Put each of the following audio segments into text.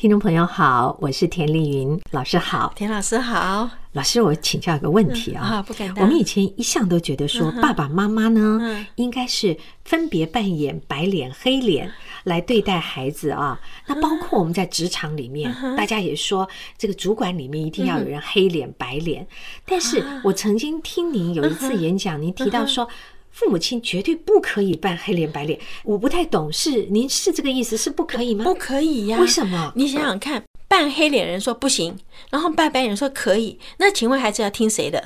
聽眾朋友好，我是田麗雲。老師好，田老師好。老師，我請教一個問題啊，我們以前一向都覺得說爸爸媽媽呢，應該是分別扮演白臉黑臉來對待孩子啊，那包括我們在職場裡面，大家也說這個主管裡面一定要有人黑臉白臉，但是我曾經聽您有一次演講，您提到說。父母親絕對不可以扮黑臉白臉。我不太懂事，您是這個意思是不可以嗎？不，不可以呀、啊。為什麼？你想想看，扮黑臉人說不行，然後扮白臉人說可以，那請問孩子要聽誰的？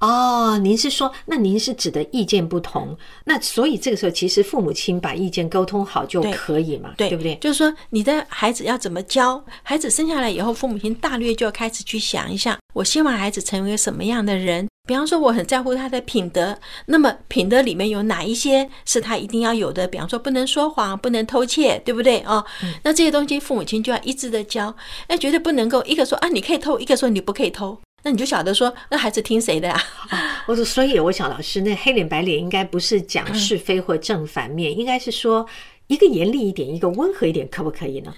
哦，您是說，那您是指的意見不同？那所以這個時候，其實父母親把意見溝通好就可以嘛，對，對，對不對？就是說，你的孩子要怎麼教？孩子生下來以後，父母親大略就要開始去想一想，我希望孩子成為什麼樣的人。比方說，我很在乎他的品德，那麼品德裡面有哪一些是他一定要有的？比方說，不能說謊，不能偷竊，對不對啊？哦，那這些東西，父母親就要一致的教，那絕對不能夠一個說啊，你可以偷，一個說你不可以偷，那你就曉得說，那孩子聽誰的呀、啊？啊，我說，所以我想，老師那黑臉白臉應該不是講是非或正反面、嗯，應該是說一個嚴厲一點，一個溫和一點，可不可以呢？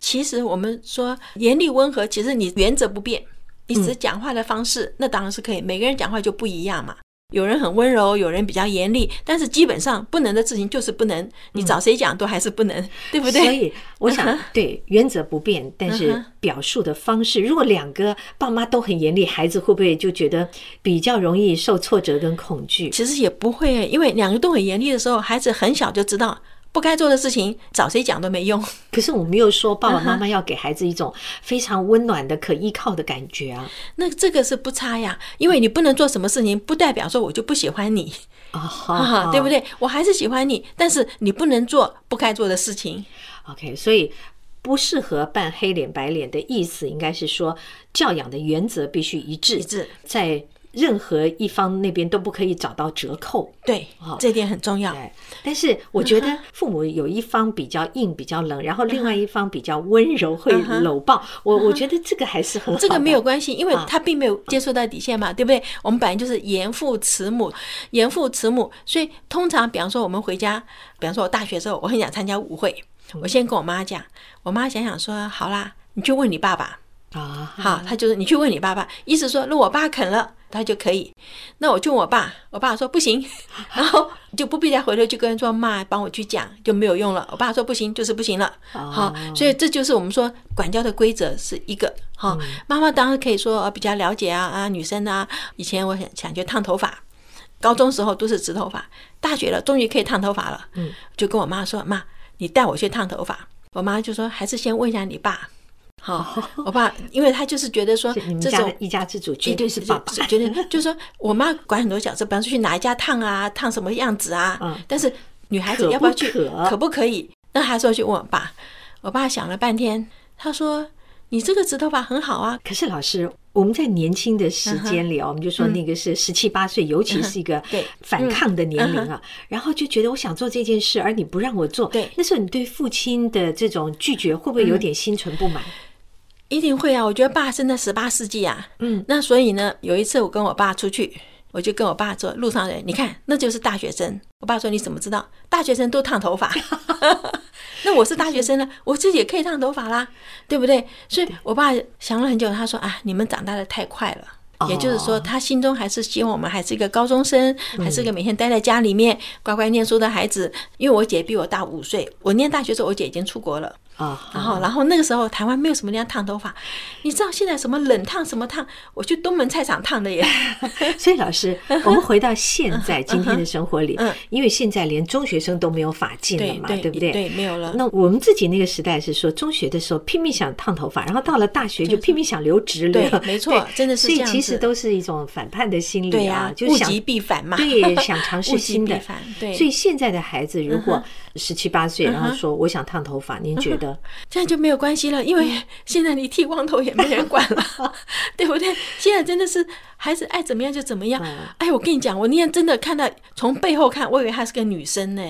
其實我們說嚴厲溫和，其實你原則不變。以此講話的方式，嗯，那當然是可以。每個人講話就不一樣嘛，有人很溫柔，有人比較嚴厲。但是基本上不能的事情就是不能，你找誰講都還是不能，嗯，對不對？所以我想，uh -huh, 對，原則不變，但是表述的方式。Uh -huh, 如果兩個爸媽都很嚴厲，孩子會不會就覺得比較容易受挫折跟恐懼？其實也不會，因為兩個都很嚴厲的時候，孩子很小就知道。不該做的事情，找誰講都沒用。可是我們又說，爸爸媽媽要給孩子一種非常溫暖的可依靠的感覺啊。那這個是不差呀，因為你不能做什麼事情，不代表說我就不喜歡你，oh, ha, ha. 啊。對不對？我還是喜歡你，但是你不能做不該做的事情。OK，所以不適合扮黑臉白臉的意思，應該是說，教養的原則必須一致，一致在，任何一方那邊都不可以找到折扣，對，哦、這一點很重要。但是我覺得父母有一方比較硬，uh -huh, 比較冷，然後另外一方比較溫柔，uh -huh, 會摟抱。Uh -huh, 我，uh -huh, 我覺得這個還是很好，這個沒有關係，因為他並沒有接觸到底線嘛，uh -huh. 對不對？我們本來就是嚴父慈母，嚴父慈母，所以通常，比方說我們回家，比方說我大學的時候，我很想參加舞會，我先跟我媽講，我媽想想說，好啦，你去問你爸爸啊，uh -huh. 好，他就是你去問你爸爸，意思說，那我爸肯了。他就可以，那我就我爸，我爸說不行，然後就不必再回頭去跟人說，媽幫我去講，就沒有用了。我爸說不行，就是不行了。好，oh，所以這就是我們說管教的規則是一個。好，媽媽當然可以說比較了解啊，啊，女生啊，以前我想想去燙頭髮，高中時候都是直頭髮，大學了終於可以燙頭髮了，嗯，就跟我媽說媽，你帶我去燙頭髮，我媽就說還是先問一下你爸。好， 我爸，因為他就是覺得說，這種 家一家之主絕對是爸爸 覺得就是說我媽管很多小事，比方說去哪一家燙啊，燙什麼樣子啊、 嗯，但是女孩子要不要去，可不可，可，不可以？那他說去問我爸，我爸想了半天，他說你這個直頭髮，很好啊，可是老師。我們在年輕的時間裡哦，我們就說那個是十七八歲，uh -huh. 尤其是一個反抗的年齡啊，uh -huh. 然後就覺得我想做這件事，而你不讓我做，對、uh -huh.，那時候你對父親的這種拒絕，會不會有點心存不滿？Uh -huh. 一定會啊，我覺得爸生在十八世紀啊，嗯、uh -huh.，那所以呢，有一次我跟我爸出去。我就跟我爸說，路上人，你看，那就是大學生。我爸說，你怎麼知道？大學生都燙頭髮。 那我是大學生呢？我自己也可以燙頭髮啦，對不對？所以，我爸想了很久，他說：“啊，你們長大的太快了。”也就是說，他心中還是希望我們還是一個高中生，還是一個每天待在家裡面乖乖念書的孩子。因為我姐比我大五歲，我念大學的時候，我姐已經出國了。啊，然後，然後那個時候台灣沒有什麼人燙頭髮，你知道現在什麼冷燙什麼燙，我去東門菜場燙的耶 所以老師，我們回到現在今天的生活裡，因為現在連中學生都沒有髮禁了嘛 對對，對不對，對？對，沒有了。那我們自己那個時代是說，中學的時候拼命想燙頭髮，然後到了大學就拼命想留直了對。對，沒錯，真的是這樣子。所以其實都是一種反叛的心理啊就想，就、啊、物極必反嘛，對，想嘗試新的。對，所以現在的孩子如果。十七八歲，然後說我想燙頭髮，uh -huh, 您覺得這樣就沒有關係了？ 因為現在你剃光頭也沒人管了，對不對？現在真的是孩子愛怎麼樣就怎麼樣。 哎，我跟你講，我那天真的看到從背後看，我以為她是個女生呢。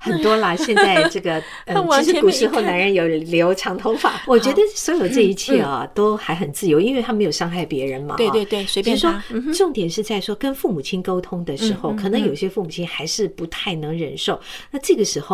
很多啦，現在這個， 嗯，其實古時候男人有留長頭髮。 我覺得所有這一切啊、嗯，都還很自由，因為他沒有傷害別人嘛。對對對，對，隨便他、就是說，嗯。重點是在說跟父母親溝通的時候、嗯，可能有些父母親還是不太能忍受。嗯、那這個時候。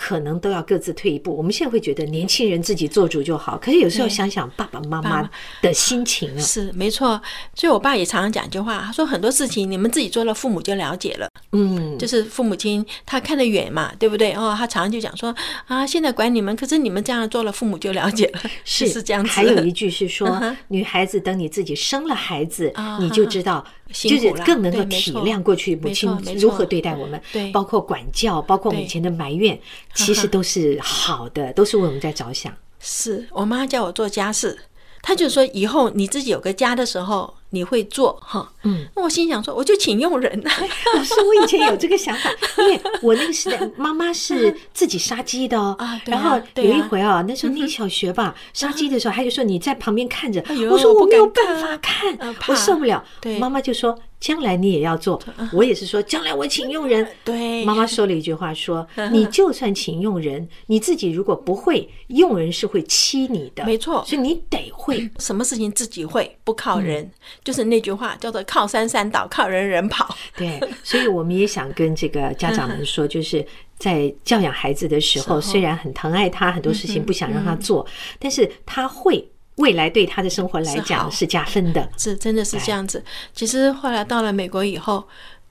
可能都要各自退一步。我們現在會覺得年輕人自己做主就好，可是有時候想想爸爸媽媽的心情啊，是沒錯。所以我爸也常常講一句話，他說很多事情你們自己做了，父母就了解了。嗯，就是父母親他看得遠嘛，對不對？哦、oh，他常常就講說啊，現在管你們，可是你們這樣做了，父母就了解了，是， 是這樣子的。還有一句是說，uh -huh, 女孩子，等你自己生了孩子，uh -huh, 你就知道，uh -huh, 就是更能夠體諒過去母親、uh -huh, 如何對待我們，對，包括管教，包括以前的埋怨。其實都是好的， 都是為我們在着想。是我媽叫我做家事，她就說：“以後你自己有個家的時候。”你會做哈、嗯？嗯，那我心想說，我就請傭人、啊。老、嗯、師， 我，說我以前有這個想法， 因為我那個時代，媽媽是自己殺雞的、哦、啊，對啊。然後有一回、哦、啊，那時候念小學吧，殺、嗯、雞的時候，他、啊、就說你在旁邊看着、哎。我說我沒有辦法看，哎、我不敢看，我受不了。嗯、對，媽媽就說將來你也要做，嗯、我也是說將來我請傭人。對，媽媽說了一句話說，嗯、你就算請傭人、嗯，你自己如果不會，傭人是會欺你的。沒錯，所以你得會，什麼事情自己會，不靠人。就是那句話，叫做“靠山山倒，靠人人跑”。對，所以我們也想跟這個家長們說，就是在教養孩子的時候，雖然很疼愛他，很多事情不想讓他做，但是他會未來對他的生活來講是加分的。是，真的是這樣子。其實後來到了美國以後，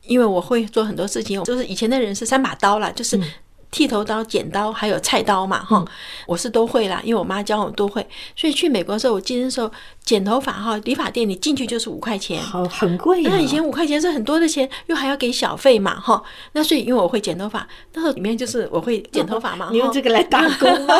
因為我會做很多事情，就是以前的人是三把刀啦，就是。剃頭刀、剪刀還有菜刀嘛，哈、嗯，我是都會啦，因為我媽教我都會，所以去美國的時候，我記得那時候剪頭髮哈，理髮店你進去就是五塊錢，好很貴，哦。那以前五塊錢是很多的錢，又還要給小費嘛，哈。那所以因為我會剪頭髮，那時候裡面就是我會剪頭髮嘛，哦，你用這個來打工嗎？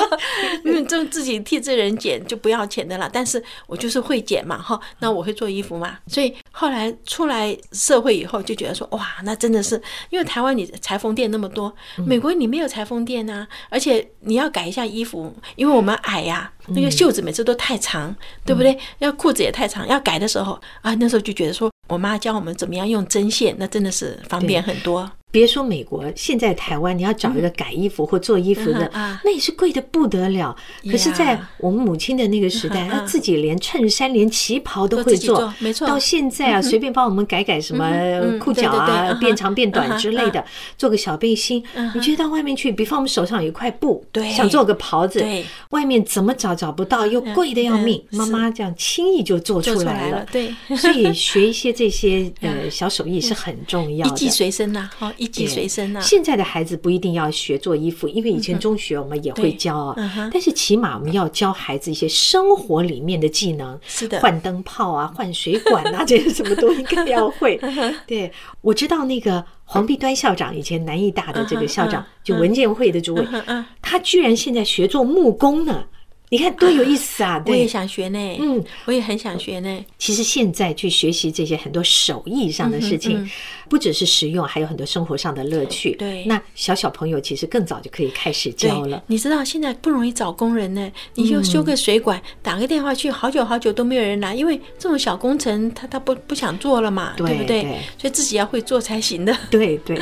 因為 就自己替這人剪就不要錢的啦。但是我就是會剪嘛，哈，那我會做衣服嘛，所以。後來出來社會以後，就覺得說哇，那真的是因為台灣你裁縫店那麼多，美國你沒有裁縫店吶、啊嗯，而且你要改一下衣服，因為我們矮呀、啊，那個袖子每次都太長，嗯、對不對？要褲子也太長，要改的時候、嗯、啊，那時候就覺得說，我媽教我們怎麼樣用針線，那真的是方便很多。別說美國，現在台灣你要找一個改衣服或做衣服的，嗯、那也是貴的不得了。嗯、可是，在我們母親的那個時代，嗯嗯、她自己連襯衫、連旗袍都會做。做做沒錯。到現在啊、嗯，隨便幫我們改改什麼褲腳啊，嗯嗯、對對對啊，變長變短之類的，嗯、做個小背心。嗯、你覺得到外面去，比方我們手上有一塊布，想做個袍子，外面怎麼找找不到，又貴的要命、嗯嗯。媽媽這樣輕易就做出來了。來了對。 所以學一些這些呃小手藝是很重要的。一技、嗯、隨身吶、啊，一技隨身，現在的孩子不一定要學做衣服，因為以前中學我們也會教啊、哦嗯嗯。但是起碼我們要教孩子一些生活裡面的技能，是的，換燈泡啊，換水管啊、嗯，這些什麼東西肯定要會、嗯。對，我知道那個黃碧端校長，嗯、以前南藝大的這個校長，嗯、就文建會的主委、嗯嗯嗯，他居然現在學做木工呢。你看多有意思啊，啊對！我也想學呢。嗯，我也很想學呢。其實現在去學習這些很多手藝上的事情，嗯嗯、不只是實用，還有很多生活上的樂趣、嗯。對，那小小朋友其實更早就可以開始教了。你知道現在不容易找工人呢，你就修個水管，嗯、打個電話去，好久好久都沒有人來，因為這種小工程他他不不想做了嘛，對，對不對，對？所以自己要會做才行的。對對。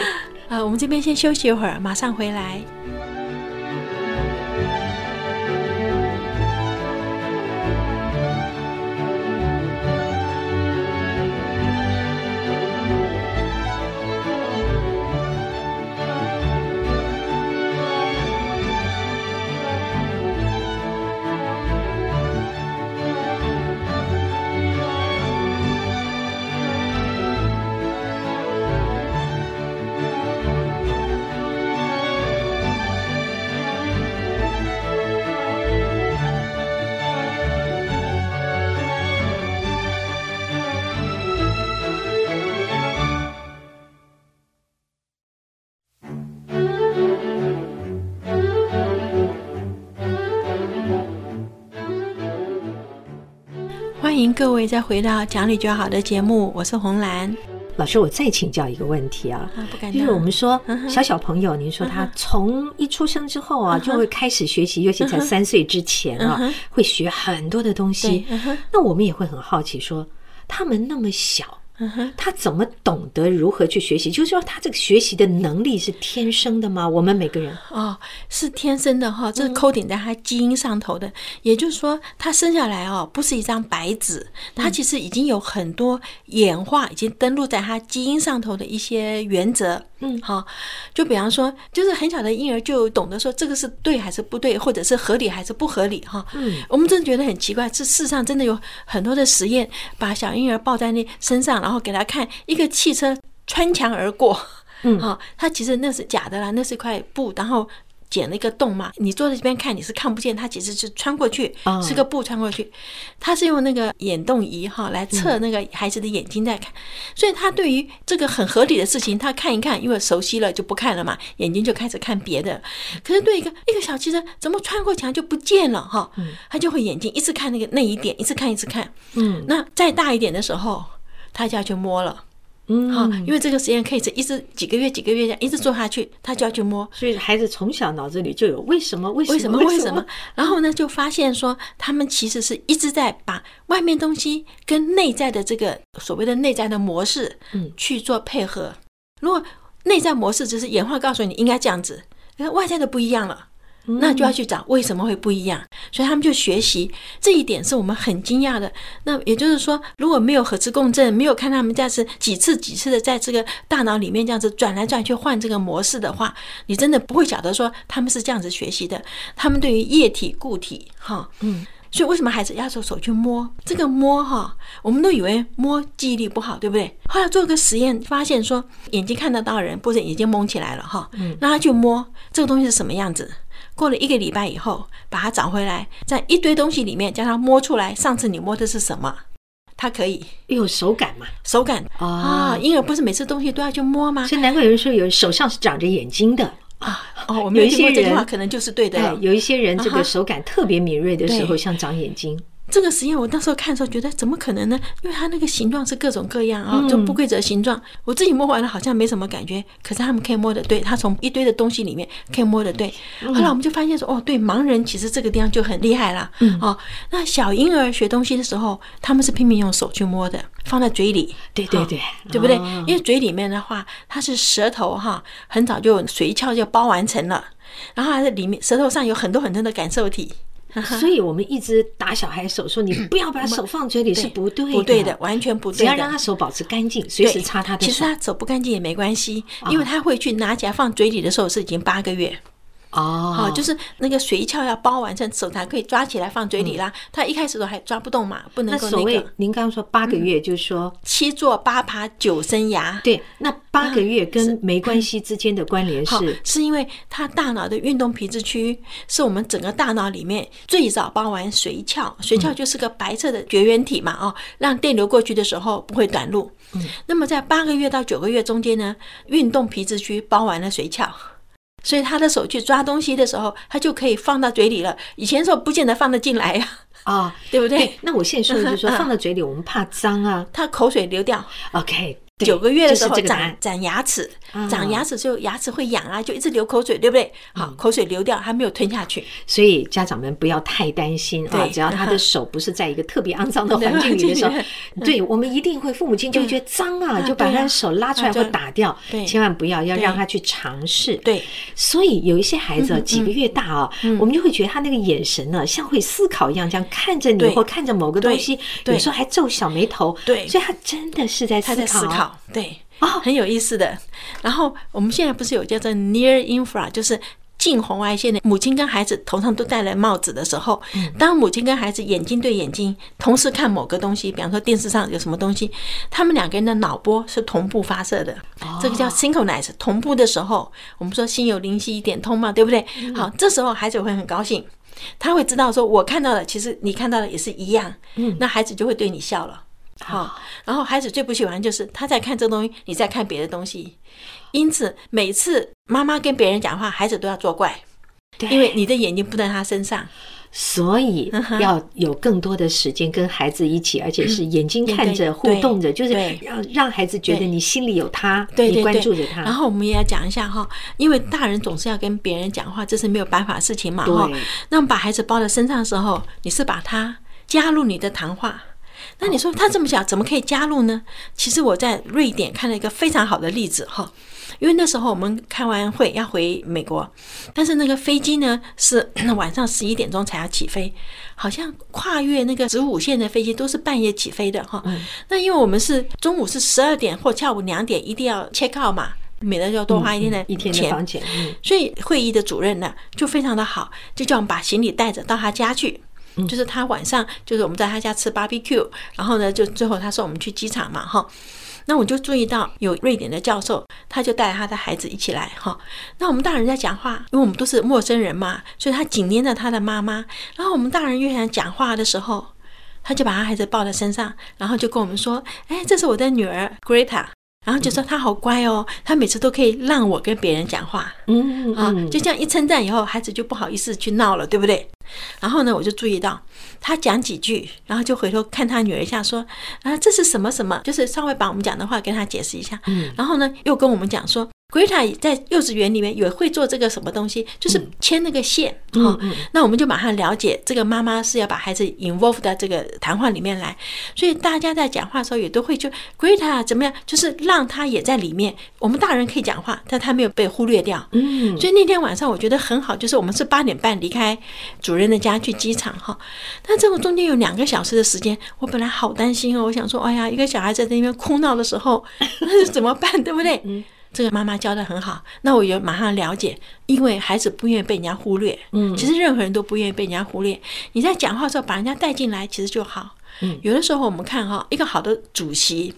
啊，我們這邊先休息一會兒，馬上回來。歡迎各位再回到《講理就好》的節目，我是洪蘭老師。我再請教一個問題啊，就、啊、是我們說小小朋友、嗯，您說他從一出生之後啊，嗯、就會開始學習，尤其在三歲之前啊、嗯，會學很多的東西。嗯、那我們也會很好奇說，說他們那麼小。嗯哼，他怎麼懂得如何去學習？就是說，他這個學習的能力是天生的嗎？我們每個人啊、哦，是天生的哈，這是 coding 在他基因上頭的。嗯、也就是說，他生下來哦，不是一張白紙，他其實已經有很多演化已經登錄在他基因上頭的一些原則。嗯，好，就比方說，就是很小的嬰兒就懂得說這個是對還是不對，或者是合理還是不合理，哈、哦。嗯，我們真的覺得很奇怪，這世上真的有很多的實驗，把小嬰兒抱在那身上，然後給他看一個汽車穿牆而過，嗯、哦，哈，他其實那是假的啦，那是一塊布，然後。剪了一個洞嘛，你坐在這邊看，你是看不見，他其實是穿過去，是個布穿過去，他是用那個眼動儀哈來測那個孩子的眼睛在看，嗯、所以他對於這個很合理的事情，他看一看，因為熟悉了就不看了嘛，眼睛就開始看別的。可是對一個一個小汽車怎麼穿過牆就不見了哈，他就會眼睛一直看那個那一點，一直看一直看，嗯，那再大一點的時候，他就要去摸了。嗯，好，因為這個實驗可以是一直幾個月幾個月這樣一直做下去，他就要去摸，所以孩子從小腦子裡就有，為什麼為什麼為什麼為什麼，然後呢，就發現說他們其實是一直在把外面東西跟內在的這個所謂的內在的模式嗯、去做配合，如果內在模式只是演化告訴你應該這樣子，那外在的不一樣了。那就要去找為什麼會不一樣，所以他們就學習這一點，是我們很驚訝的。那也就是說，如果沒有核磁共振，沒有看他們這樣是幾次幾次的在這個大腦裡面這樣子轉來轉去換這個模式的話，你真的不會曉得說他們是這樣子學習的。他們對於液體、固體，哈，嗯，所以為什麼孩子要手手去摸這個摸哈？我們都以為摸記憶力不好，對不對？後來做一個實驗，發現說眼睛看得到人，不是眼睛蒙起來了哈，嗯，那他就摸這個東西是什麼樣子。過了一個禮拜以後，把它找回來，在一堆東西裡面叫他摸出來。上次你摸的是什麼？他可以，因為有手感嘛。手感、哦、啊！嬰兒不是每次東西都要去摸嗎？所以難怪有人說有人手上是長着眼睛的啊！哦，我有，這句話有一些人可能就是對的對。有一些人這個手感特別敏銳的時候、uh-huh，像長眼睛。這個實驗我到時候看的時候覺得怎麼可能呢？因為它那個形狀是各種各樣啊、哦嗯，就不規則形狀。我自己摸完了好像沒什麼感覺，可是他們可以摸得對。他從一堆的東西裡面可以摸得對。嗯、後來我們就發現說，哦，對，盲人其實這個地方就很厲害了、嗯。哦，那小嬰兒學東西的時候，他們是拼命用手去摸的，放在嘴裡。對對對，哦、對不對？因為嘴裡面的話，它是舌頭哈，很早就髓鞘就包完成了，然後還在裡面舌頭上有很多很多的感受體。 所以，我們一直打小孩手，說你不要把手放嘴裡是不對的，完全不對。只要讓他手保持乾淨，隨時擦他的。其實他手不乾淨也沒關係，因為他會去拿起來放嘴裡的時候是已經八個月。哦、oh，好，就是那個髓鞘要包完成，手才可以抓起來放嘴裡啦。嗯、他一開始都還抓不動嘛，不能夠那個。那所您剛剛說八個月就，就是說七坐八爬九生牙。對，那八個月跟沒關係之間的關聯是、嗯是嗯，是因為他大腦的運動皮質區是我們整個大腦裡面最早包完髓鞘，髓鞘就是個白色的絕緣體嘛、嗯，哦，讓電流過去的時候不會短路。嗯、那麼在八個月到九個月中間呢，運動皮質區包完了髓鞘。所以他的手去抓東西的時候，他就可以放到嘴裡了。以前的時候不見得放得進來呀。啊、哦， 對不對？哎、那我現在說的就是說、嗯嗯、放到嘴裡，我們怕髒啊。他口水流掉。OK。九個月的時候長、就是、長，長牙齒、嗯，長牙齒就牙齒會癢啊，就一直流口水，對不對？好、嗯，口水流掉還沒有吞下去，所以家長們不要太擔心啊。只要他的手不是在一個特別骯髒的環境裡的時候，對，對對嗯、我們一定會父母親就會覺得髒啊，就把他的手拉出來或打掉、啊啊，千萬不要要讓他去嘗試對。對，所以有一些孩子幾個月大啊、哦，我們就會覺得他那個眼神呢，像會思考一樣，這樣看着你或看着某個東西，有時候還皺小眉頭，對，所以他真的是在思考。對，oh. 很有意思的。然後我們現在不是有叫做 near infra，就是近紅外線的。母親跟孩子頭上都戴了帽子的時候，當母親跟孩子眼睛對眼睛同時看某個東西，比方說電視上有什麼東西，他們兩個人的腦波是同步發射的，oh. 這個叫 synchronize 同步的時候，我們說心有靈犀一點通嘛，對不對？好，這時候孩子會很高興，他會知道說，我看到的其實你看到的也是一樣，那孩子就會對你笑了。好、oh.，然後孩子最不喜歡就是他在看這個東西，你在看別的東西，因此每次媽媽跟別人講話，孩子都要作怪，對，因為你的眼睛不在他身上，所以要有更多的時間跟孩子一起，而且是眼睛看着、互動着，嗯、就是讓讓孩子覺得你心裡有他，你關注着他。然後我們也要講一下哈，因為大人總是要跟別人講話，這是沒有辦法的事情嘛哈。那麼把孩子抱在身上的時候，你是把他加入你的談話。那你說他這麼小，怎麼可以加入呢？其實我在瑞典看了一個非常好的例子哈，因為那時候我們開完會要回美國，但是那個飛機呢是那晚上十一點鐘才要起飛，好像跨越那個子午線的飛機都是半夜起飛的哈。那、嗯、因為我們是中午是十二點或下午兩點一定要 check out 嘛，免得要多花一天的、嗯，一天的房錢。所以會議的主任呢就非常的好，就叫我們把行李帶着到他家去。嗯，就是他晚上，就是我們在他家吃 barbecue，然後呢，就最後他送我們去機場嘛，哈，那我就注意到有瑞典的教授，他就帶他的孩子一起來，哈，那我們大人在講話，因為我們都是陌生人嘛，所以他緊粘着他的媽媽，然後我們大人又想講話的時候，他就把他孩子抱在身上，然後就跟我們說，哎、欸，這是我的女兒 Greta。然後就說他好乖哦，他每次都可以讓我跟別人講話，嗯,嗯,嗯,嗯啊，就這樣一稱讚以後，孩子就不好意思去鬧了，對不對？然後呢，我就注意到他講幾句，然後就回頭看他女兒一下說，說啊，這是什麼什麼，就是稍微把我們講的話跟他解釋一下，嗯，然後呢又跟我們講說。Greta 在幼稚園裡面也會做這個什麼東西，就是牽那個線哈、嗯哦嗯。那我們就馬上了解，這個媽媽是要把孩子 involve 到這個談話裡面來。所以大家在講話的時候也都會就 Greta 怎麼樣，就是讓他也在裡面。我們大人可以講話，但他沒有被忽略掉。嗯。所以那天晚上我覺得很好，就是我們是八點半離開主任的家去機場哈。但這個中間有兩個小時的時間，我本來好擔心哦，我想說，哎呀，一個小孩在那邊哭鬧的時候，那是怎麼辦， 對不對？這個媽媽教得很好，那我就馬上了解，因為孩子不願意被人家忽略，嗯，其實任何人都不願意被人家忽略。你在講話的時候把人家帶進來，其實就好，嗯。有的時候我們看哈，哦，一個好的主席，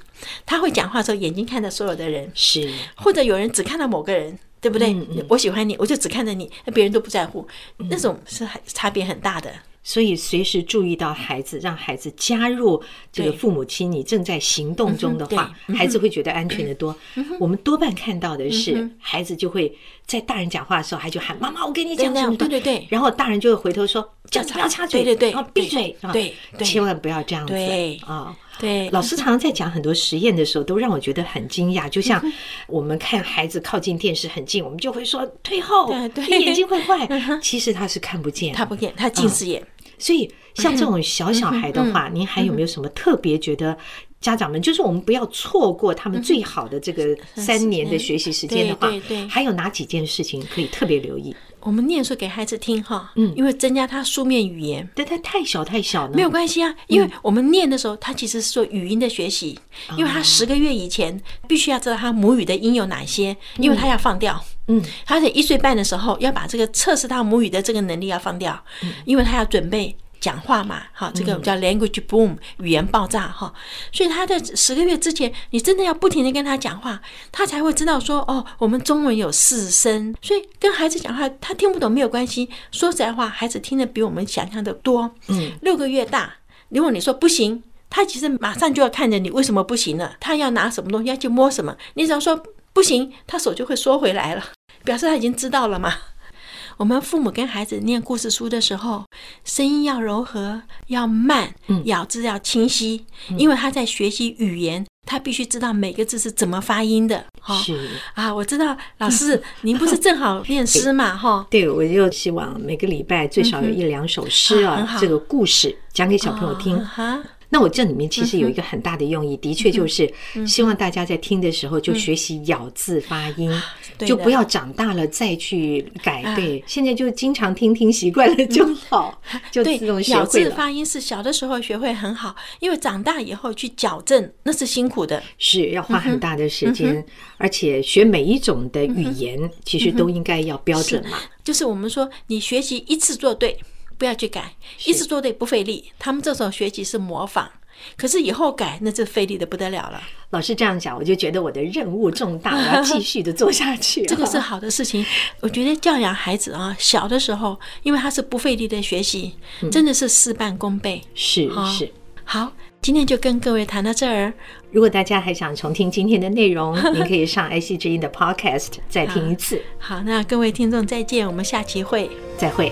他會講話的時候眼睛看着所有的人，是，或者有人只看到某個人，對不對？嗯，嗯，我喜歡你，我就只看着你，那別人都不在乎，那種是差別很大的。所以隨時注意到孩子，讓孩子加入這個父母親，你正在行動中的話，孩子會覺得安全得多。我們多半看到的是，孩子就會在大人講話的時候，他就喊媽媽，我跟你講，對對對。然後大人就會回頭說，叫你不要插嘴，對對對，然後閉嘴，啊，對，千萬不要這樣子啊。對，老師常常在講很多實驗的時候，都讓我覺得很驚訝。就像我們看孩子靠近電視很近，我們就會說退後，眼睛會壞。其實他是看不見，嗯、他不見，他近視眼、哦。所以，像這種小小孩的話，您還有沒有什麼特別覺得家長們，就是我們不要錯過他們最好的這個三年的學習時間的話，還有哪幾件事情可以特別留意？我們念書給孩子聽哈，嗯，因為增加他書面語言。但他太小太小了，沒有關係啊，因為我們念的時候，嗯、他其實是做語音的學習，因為他十個月以前必須要知道他母語的音有哪些，嗯、因為他要放掉，嗯，他得一歲半的時候要把這個測試他母語的這個能力要放掉，嗯、因為他要準備。講話嘛，哈，這個叫 language boom，、嗯、語言爆炸哈，所以他在十個月之前，你真的要不停地跟他講話，他才會知道說，哦，我們中文有四聲，所以跟孩子講話，他聽不懂沒有關係。說實在話，孩子聽得比我們想象的多。嗯，六個月大，如果你說不行，他其實馬上就要看着你，為什麼不行了？他要拿什麼東西要去摸什麼？你只要說不行，他手就會縮回來了，表示他已經知道了嘛。我們父母跟孩子念故事書的時候，聲音要柔和，要慢，咬、嗯、字要清晰，嗯，因為他在學習語言，他必須知道每個字是怎麼發音的。好、哦、啊，我知道，老師、嗯、您不是正好念詩嘛？哈、 哦，對，我就希望每個禮拜最少有一兩首詩啊，嗯、啊這個故事講給小朋友聽。啊哈那我這裡面其實有一個很大的用意，嗯、的確就是希望大家在聽的時候就學習咬字發音、嗯，就不要長大了再去改。對、對、啊，現在就經常聽聽習慣了就好，嗯、就自動學會了。對，咬字發音是小的時候學會很好，因為長大以後去矯正那是辛苦的，是要花很大的時間、嗯嗯，而且學每一種的語言其實都應該要標準嘛、嗯嗯。就是我們說，你學習一次做對。不要去改，一直做對不費力。他們這種學習是模仿，可是以後改那就費力的不得了了。老師這樣講，我就覺得我的任務重大，我要繼續的做下去、哦。這個是好的事情。 我覺得教養孩子啊，小的時候因為他是不費力的學習，嗯、真的是事半功倍。嗯、是、哦、是、是。好，今天就跟各位談到這兒。如果大家還想重聽今天的內容， 你可以上 ICJ 的 Podcast 再聽一次好。好，那各位聽眾再見，我們下期會再會。